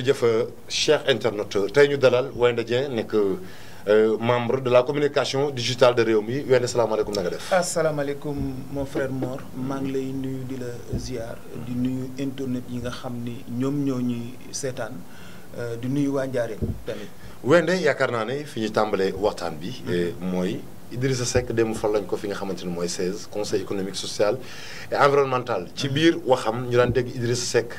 jërëjëf euh, cher internaute tey ñu dalal Wayndé Dieng nekk euh, membre de la communication digital de réew mi Wayndé salaamaaleykum na nga def. asalaamaaleykum mon frère Mor maa ngi lay nuyu di la ziar di nuyu internet yi nga xam ni ñoom ñoo ñuy seetaan euh, di nuyu waa Njaareem tamit. Wayndé yaakaar naa ne fi ñu tàmbalee waxtaan bi. Mm-hmm. mooy. Idrissa Seck démb fan lañ ko fi nga xamante ni mooy 16 conseil économique social et environnemental ci mm-hmm. biir waxam ñu daan dégg Idrissa Seck.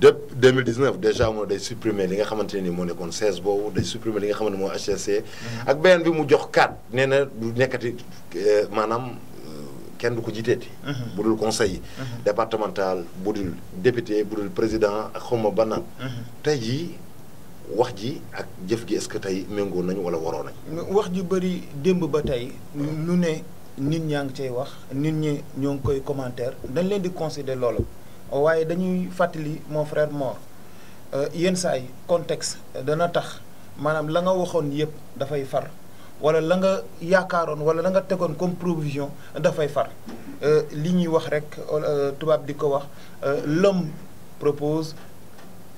depuis 2019 déjà moo day supprimer li nga xamante ne nii moo nekkoon 16 boobu day supprimer li nga xamante ne moo HCC. Mm-hmm. ak beneen bi mu jox 4 nee na du nekkati euh, maanaam euh, kenn du ko jiiteeti. Mm-hmm. bu dul conseil mm-hmm. départemental bu dul député bu dul président ak xawma ba naan. tey jii wax ji ak jëf gi est-ce que tey méngoo nañu wala waroo nañu. wax ju bëri démb ba tey. lu ne nit ñaa ngi cay wax nit ñi ñoo ngi koy commentaire dañ leen di considérer loolu. waaye dañuy fàttali mon frère Mor euh, yenn saa yi dana tax maanaam la nga waxoon yëpp dafay far wala la nga yaakaaroon wala la nga tegoon comme provision dafay far euh, li ñuy wax rek euh, tubaab di ko wax l'homme propose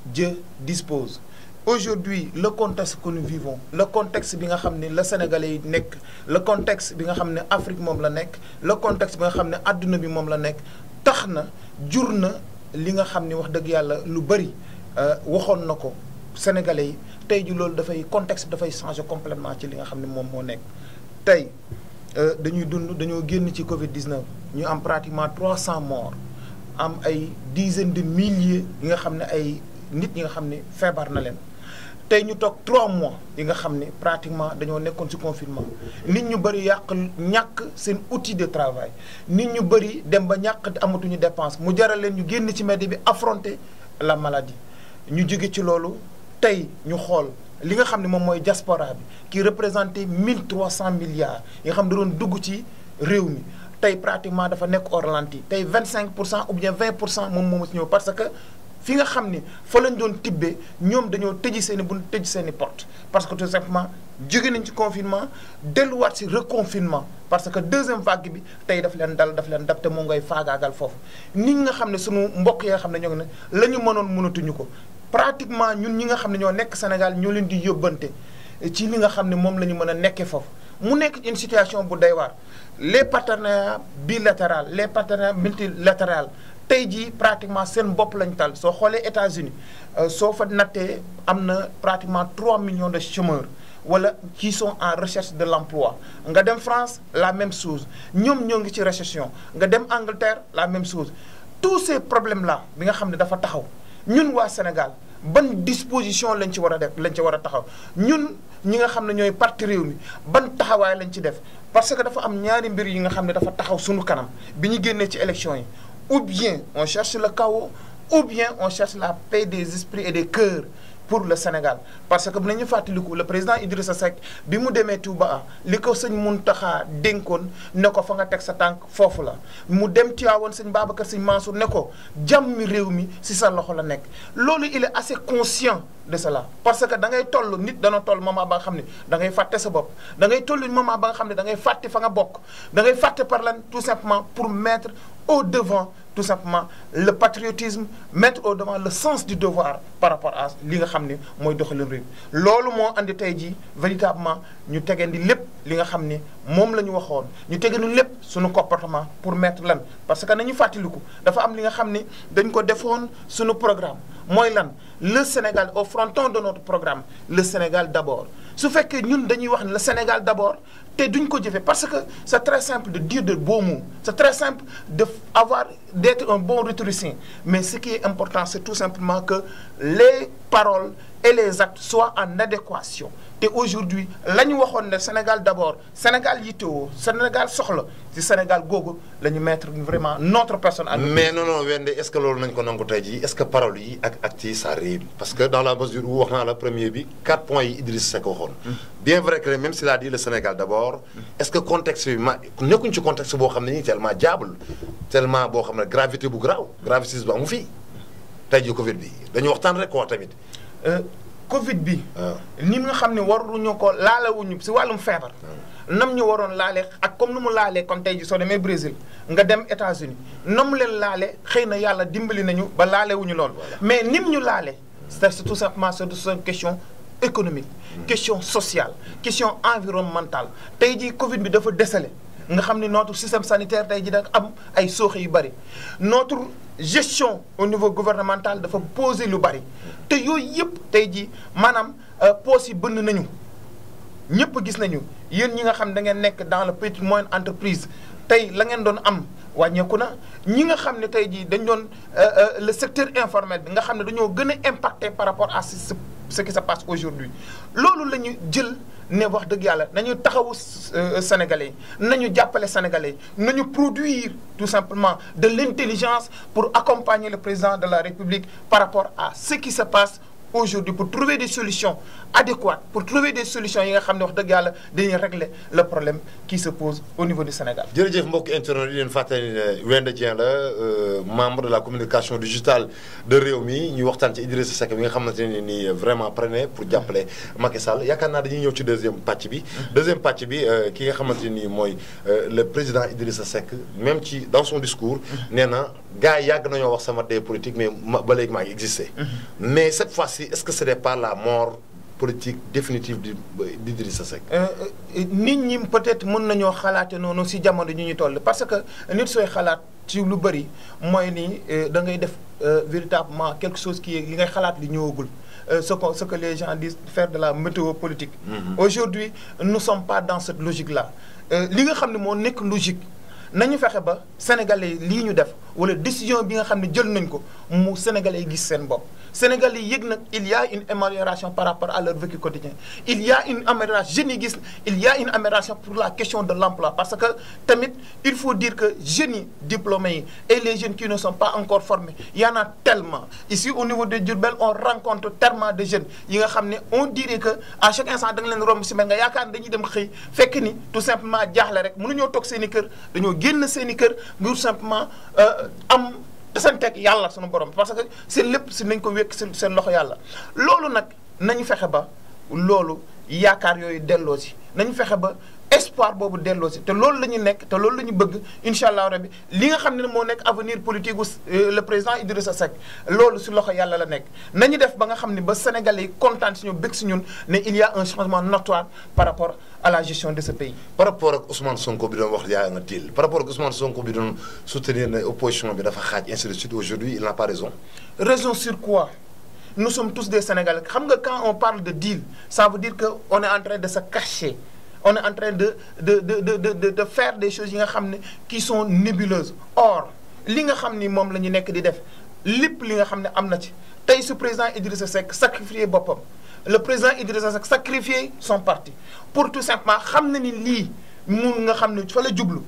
Dieu dispose aujourd'hui le contexte que nous vivons le contexte bi nga xam ne la sénégalais yi nekk le contexte bi nga xam ne Afrique moom la nekk le contexte bi nga xam ne àdduna bi moom la nekk tax na jur na li nga xam ni wax dëgg yàlla lu bari euh, waxoon na ko sénégale yi tey ju loolu dafay contexte dafay changer complètement ci li nga xam ne moom moo nekk tey euh, dañuy dund dañoo génn ci Covid 19 ñu am pratiquement trois 300 morts am ay dizaines de milliers yi nga xam ne ay nit ñi nga xam ne feebar na leen. tey ñu toog trois mois yi nga xam ne pratiquement dañoo nekkoon ci confinement nit ñu bëri yàq ñàkk seen outil de travail nit ñu bëri dem ba ñàkk amatuñu dépense mu jaral leen ñu génn ci mbedd bi affronter la maladie ñu jóge ci loolu tey ñu xool li nga xam ne moom mooy jaspora bi qui représentait 1300 milliards yi nga xam ne doon dugg ci réew mi tey pratiquement dafa nekk au ralenti tey 25 pour cent ou bien pour cent moom moomu si ñëw parce que fi nga xam ni fa lañ doon tibbee ñoom dañoo tëji seen i bunt tëj seen i porte parce que tout simplement jóge nañ ci confinement delluwaat si reconfinement parce que deuxième vague bi tey daf leen dal daf leen dab te moo ngay faagaagal foofu nit nga xam ne sunu mbokk yi nga xam ne ñoo ngi ne la ñu mënoon mënatuñu ko pratiquement ñun ñi nga xam ne ñoo nekk Sénégal ñoo leen di yóbbante ci li nga xam ne moom la ñu mën a nekkee foofu mu nekk une situation bu doy waar les partenariats bilatéraux les partenariats multilatéraux tey jii pratiquement seen bopp lañ tal soo xoolee États-Unis euh, soo fa nattee am na pratiquement trois millions de chômeurs wala qui sont en recherche de l'emploi nga dem France la même chose ñoom ñoo ngi ci récession nga dem Angleterre la même chose tous ces problèmes la bi nga xam ne dafa taxaw ñun waa Sénégal ban disposition lañ ci war a def lañ ci war a taxaw ñun ñi nga xam ne ñooy parti réew mi ban taxawaay lañ ci def parce que dafa am ñaari mbir yi nga xam ne dafa taxaw suñu kanam bi ñu génnee ci élection yi Ou bien on cherche le kaw ou bien on cherche la paix des esprits et des cœurs pour le Sénégal parce que bu nañu fàttaliku la président sa Seck bi mu demee Touba li ko sëñ Mountakha dénkoon ne ko fa nga teg sa tànk foofu la mu dem Tiwaawoon sëñ Babacar sëñ Mansour ne ko jàmmi réew mi si sa loxo la nekk loolu il est assez conscient de cela parce que da ngay toll nit dana toll moment ba nga xam ne da ngay fàtte sa bopp da ngay toll moment ba nga xam ne da ngay fàtte fa nga bokk da ngay fàtte par lan tout simplement pour mettre au tout simplement le patriotisme mettre au devant le sens du devoir par rapport à li nga xam ne mooy doxalin réew loolu moo indi tey jii véritablement ñu tegendi lépp li nga xam ni moom la ñu waxoon ñu tegandi lépp suñu comportement pour mettre lan parce que nañu fàttaliku dafa am li nga xam ni dañ ko defoon suñu programme mooy lan le Sénégal au fronton de notre programme le Sénégal d'abord su fekkee ñun dañuy wax ne la Sénégal d'abord te duñ ko jëfee parce que très simple de dire de beaux mots c'est très simple d'être un bon rhétoricien. Mais ce qui est important, c'est tout simplement que les paroles et les actes soient en adéquation. te aujourd'hui la ñu waxoon ne Sénégal d'abord Sénégal yittewoo Sénégal soxla ci Sénégal googu la ñu mettre vraiment notre personne. à mais non non Wende est-ce que loolu nañ ko nangu tey jii est-ce que paroles yi ak actes yi ça rime parce la mesure où wax naa la premier bi quatre points yi Idriss Seck waxoon. Mm. bien vrai que même s'il a dit le Sénégal d'abord. Mm. est-ce que contexte bi ma nekkuñ ci contexte boo xam ne nii tellement diable tellement boo xam ne gravité bu garaaw gravitisme bu mu fii tey jii Covid bi dañu waxtaan rek ko tamit. Euh, Covid bi. Ah. ni nga xam ne waruñu ko laalewuñu si wàllum feebar. Ah. nam ñu waroon laale ak comme nu mu laalee kon tey ji soo demee Brésil nga dem États-Unis nam leen laale xëy na yàlla dimbali nañu ba laalewuñu lool mais nim ñu laale c'est tout simplement c'est une question économique hmm. question sociale question environnementale tey ji Covid bi dafa desale nga xam ni notre système sanitaire tey ji da am ay sooxe yu bëri notre gestion au niveau gouvernemental dafa poser lu bari te yooyu yëpp tey ji maanaam euh, poos yi bënn nañu ñëpp gis nañu yéen ñi nga xam da ngeen nekk dans le petite moyenne entreprise tey la ngeen doon am wàññeeku na ñi nga xam ne tey jii dañ doon euh, euh, le secteur informel bi nga xam ne dañoo gën a impacté par rapport à ce ce qui se passe aujourd'hui loolu la ñu jël ne wax dëgg yàlla nañu taxawu euh, sénégalais nañu jàppale sénégalais nañu produire tout simplement de l'intelligence pour accompagner le président de la république par rapport à ce qui se passe aujourd'hui pour trouver des solutions adéquates pour trouver des solutions yi nga xam ne wax dëgg yàlla dañuy régler le problème qui se pose au niveau du Sénégal. jërëjëf mbokk internautes yi leen fàttali ne Wenda Dieng la euh, membre de la communication digitale de Rewmi ñuy waxtaan ci Idrissa Seck bi nga xamante ne nii vraiment prenez pour jàppale Macky Sall yaakaar naa dañuy ñëw ci deuxième pàcc bi. Mm-hmm. deuxième pàcc bi euh, ki nga xamante ne nii mooy euh, le président Idrissa Seck même ci dans son discours. Mm-hmm. nee na gars yi yàgg nañoo wax sama dee politique mais ma ba léegi maa ngi si est-ce que ce n'est pas la mort politique définitive d'Idrissa Seck. Euh, euh, nit ñi peut-être mën nañoo xalaate noonu si jamono ñu ñu toll parce que nit sooy xalaat ci lu bari mooy nii euh, da ngay def véritablement quelque chose qui li ngay xalaat li ñëwagul. ce que ce que les gens fair de la météo politique. Mm-hmm. aujourd'hui nous sommes pas dans cette logique la li nga xam ne moo nekk logique nañu fexe ba sénégalais lii ñu def. wala décision bi nga xam ne jël nañ ko mu sénégalais yi gis seen bopp sénégalais yi yëg nag il y a une amélioration par rapport à leur vécu quotidien il y a une amélioration pour la question de l'emploi parce que tamit il faut dire que jeunes yi diplômés yi et les jeunes qui ne sont pas encore formés y en a tellement ici au niveau de Diourbel on rencontre tellement de jeunes yi nga xam ne on dirait que à chaque instant da nga leen romb si mel nga yaakaar ne dañuy dem xëy fekk ni tout simplement toog seen i kër dañoo génn seen i kër ngir am desanteeg yàlla sunu borom parce que seen lépp si nañ ko wékk si seen loxo yàlla loolu nag nañu fexe ba loolu yaakaar yooyu delloo si nañu fexe ba espoir boobu delloo si te loolu la ñu nekk te loolu la ñu bëgg incha allah rabbi li nga xam ne moo nekk avenir politique gu euh, le président sa Seck loolu si loxo yàlla la nekk nañu def ba nga xam ni ba Sénégalais yi kontaan si ñun bëgg si ñun ne il y un changement notoire par rapport a la gestion de ce pays. par rapport ak Ousmane Sonko bi doon wax yaa nga diil par rapport ak Ousmane Sonko bi doon soutenir ne opposition bi dafa xaaj ainsi de suite aujourd'hui il xam nga quand on parle de deal ça veut que on est en on est en de de de de de de faire des choses yi nga xam ne qui son nébuleuses or li nga xam ni moom la ñu nekk di def lépp li nga xam ne am na ci tey su président Idrissa sec sacrifié boppam le président Idrissa Seck sacrifié son parti pour tout simplement xam na ni lii mun nga xam ne fa la jublu.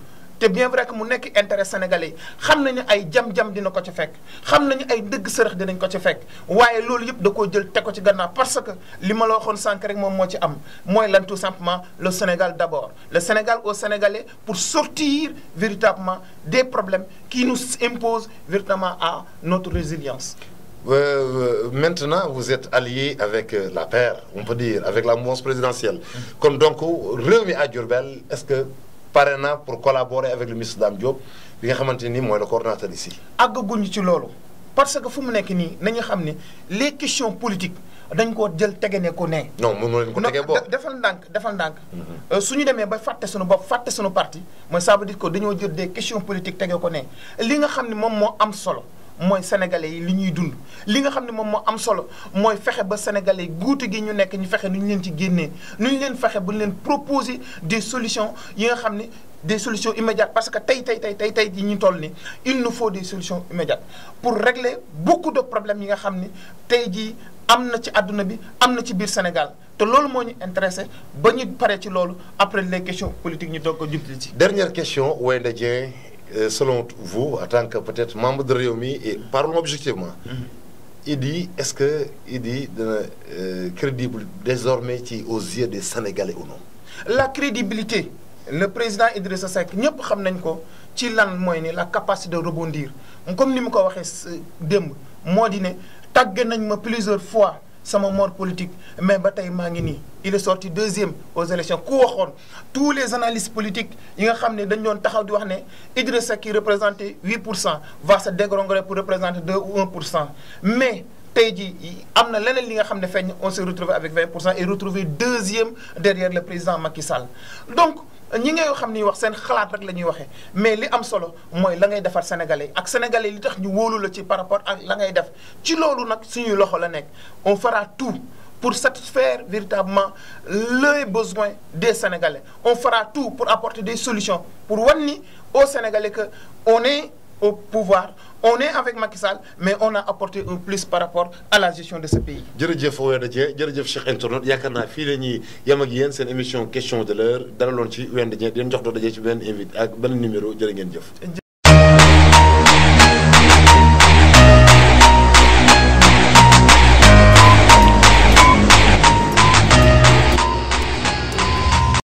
te bien vrai que mu nekk intérêt sénégalais yi xam nañu ay jam-jam dina ko ci fekk xam nañu ay dëgg sërëx dinañ ko ci fekk waaye loolu yëpp da koo jël teg ko ci gannaaw parce que li ma la waxoon sànq rek moom moo ci am mooy lan tout simplement le Sénégal d'abord le Sénégal au Sénégalais pour sortir véritablement des problèmes qui nous imposent véritablement à notre résilience. Euh, maintenant, vous êtes allié avec euh, la paire, on peut dire, avec la mouvance présidentielle. Comme donc, remis à que pare na pour collaborer avec le ministre Dame Diop bi nga xamante ni mooy la le coordonnateur ici. àggaguñ ci loolu parce que fu mu nekk nii nañu xam ni les questions politiques dañ koo jël tege ne ko nee. non mënoo leen ko tegee boobu defal ndànk defal ndànk. Mm-hmm. Euh, su ñu demee ba fàtte suñu bopp fàtte suñu parti mooy ça veut ko dañoo jël des question politique tegee ko nee li nga xam ne moom moo am solo. mooy sénégalais yi li ñuy dund li nga xam ne moom moo am solo mooy fexe ba sénégalais yi guute gi ñu nekk ñu fexe nu ñu leen ci génnee nu ñu leen fexe ba ñu leen proposer des solutions yi nga xam ne des solutions immédiates parce que tey tey tey tey tey jii ñu toll ni il nous faut des solutions immédiates pour régler beaucoup de problèmes yi nga xam ni tey jii am na ci àdduna bi am na ci biir Sénégal te loolu moo ñu intéressé ba ñu paree ci loolu après les questions ñu doog ko jubli ci. dernière question Wende Dieng Euh, selon vous, à tant que peut-être membre de mi et parlons objectivement, mm -hmm. il dit, est-ce que il dit euh, crédible désormais aux yeux des Sénégalais ou non La crédibilité, le président Idrissa xam nañ ko ci lan mooy ni la capacité de rebondir comme ni mu ko waxee euh, démb moo di ne tàgg nañ ma plusieurs fois sama mort politique mais ba tey maa ngi nii il est sorti deuxième aux élections ku waxoon tous les analystes politiques yi nga xam ne dañ doon taxaw di wax ne Idrissa Seck qui représentait pour cent va se dégringoler pour représenter 2 ou 1 pour cent mais tey jii am na leneen li nga xam ne feeñ on s'est retrouvé avec 20 pour cent et retrouvé deuxième derrière le président Macky donc ñi ngay xam ni wax seen xalaat rek la ñuy waxee mais li am solo mooy la ngay defar sénégalais ak sénégalais li tax ñu wóolu la ci par rapport ak la ngay def ci loolu nag suñuy loxo la nekk on fera tout pour satisfaire véritablement les besoins des Sénégalais on fera tout pour apporter des solutions pour wan ni aux Sénégalais que on est au pouvoir on est avec Macky Sall mais on a apporté un plus par rapport à la gestion de ce pays. jërëjëf Wenda Dieng jërëjëf Cheikh Internet yaakaar naa fii la ñuy yem ak yéen seen émission question de l'heure dalaloon ci Wenda Dieng di leen jox doon daje ci benn invité ak benn numéro jërë ngeen jëf.